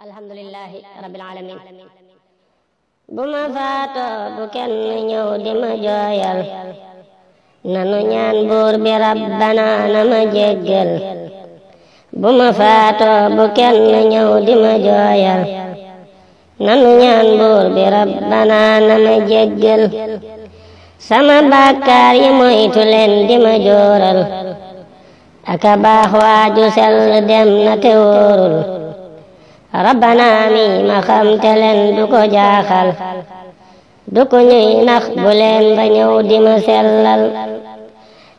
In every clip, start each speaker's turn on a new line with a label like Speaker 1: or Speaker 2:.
Speaker 1: alhamdulillahi bu ma faatoo bu kenn ñëw di ma jooyal nanu ñaan buur bi rabbana na ma jéggal bu ma faatoo bu kenn ñëw di ma jooyal nanu ñaan buur bi rabbana na ma jéggal sama bàkkaar yi moytu leen di ma jooral aka baax waaju sell dem na te wóorul rabbana mi ma xam te du ko jaaxal du ko ñuy nax bu leen ba ñëw di ma sellal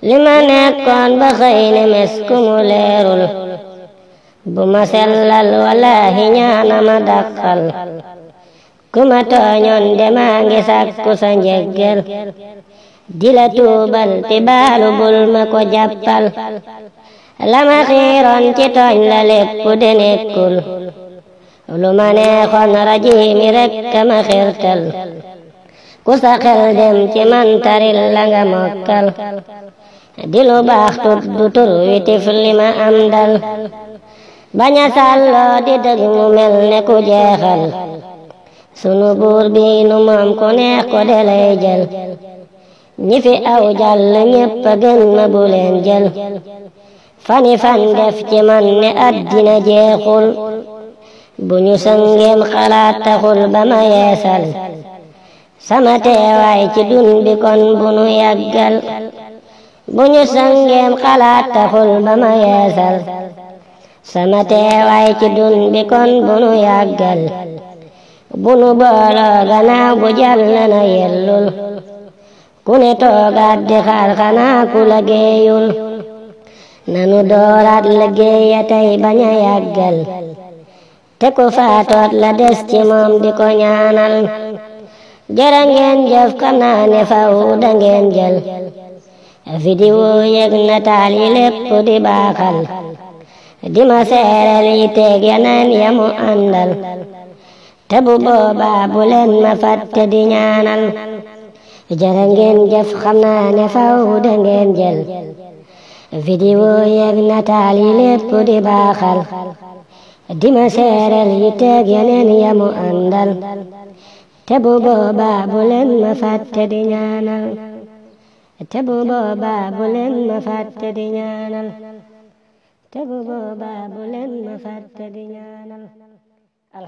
Speaker 1: li ma nekkoon ba xëy ne ku mu leerul bu ma sellal walaahi ñaana ma dàqal ku ma tooñoon de maa ngi sàkku sa njëggal di la tuubal ti baalu bul ma ko jàppal la ma xiiroon ci tooñ la lépp de nekkul lu ma neexoon rajiimi rek kama xirtal ku xel dem ci man taril la mokkal di lu baax tuddu tur wi tif ma am dal baña sàlloo di dëgg mel ne ku sunu buur bi moom ku neex ko delay jël ñi fi aw jàll ñépp a gën ma bu leen fani fan def ci man ne àddina jeexul bu ñu sëngéem xalaat taxul ba ma yeesal sama teewaay ci dun bi kon bu nu yàggal bu ñu sëngéem xalaat taxul ba ma yeesal sama teewaay ci dun bi kon bu nu yàggal bu nu booloo ganaaw bu jàll na yellul ku ne toogaat di xaar xanaa ku liggéeyul nanu dooraat liggéeya tey bañ a yàggal te ku faatoot la des ci moom di ko ñaanal jërë ngeen jëf xam ne faw da ngeen jël vidéo nataal yi lépp di baaxal di ma seeral yi teeg yeneen yamu àndal te bu boobaa bu leen ma fàtte di ñaanal jërë ngeen jëf xam ne faw da ngeen jël vidéo nataal yi lépp di baaxal dima seereel yi teeg yeneen yamu àndal te bu boobaa te bu boobaa bu leen ma fàtte di ñaanal te bu boobaa bu leen ma fàtte di ñaanal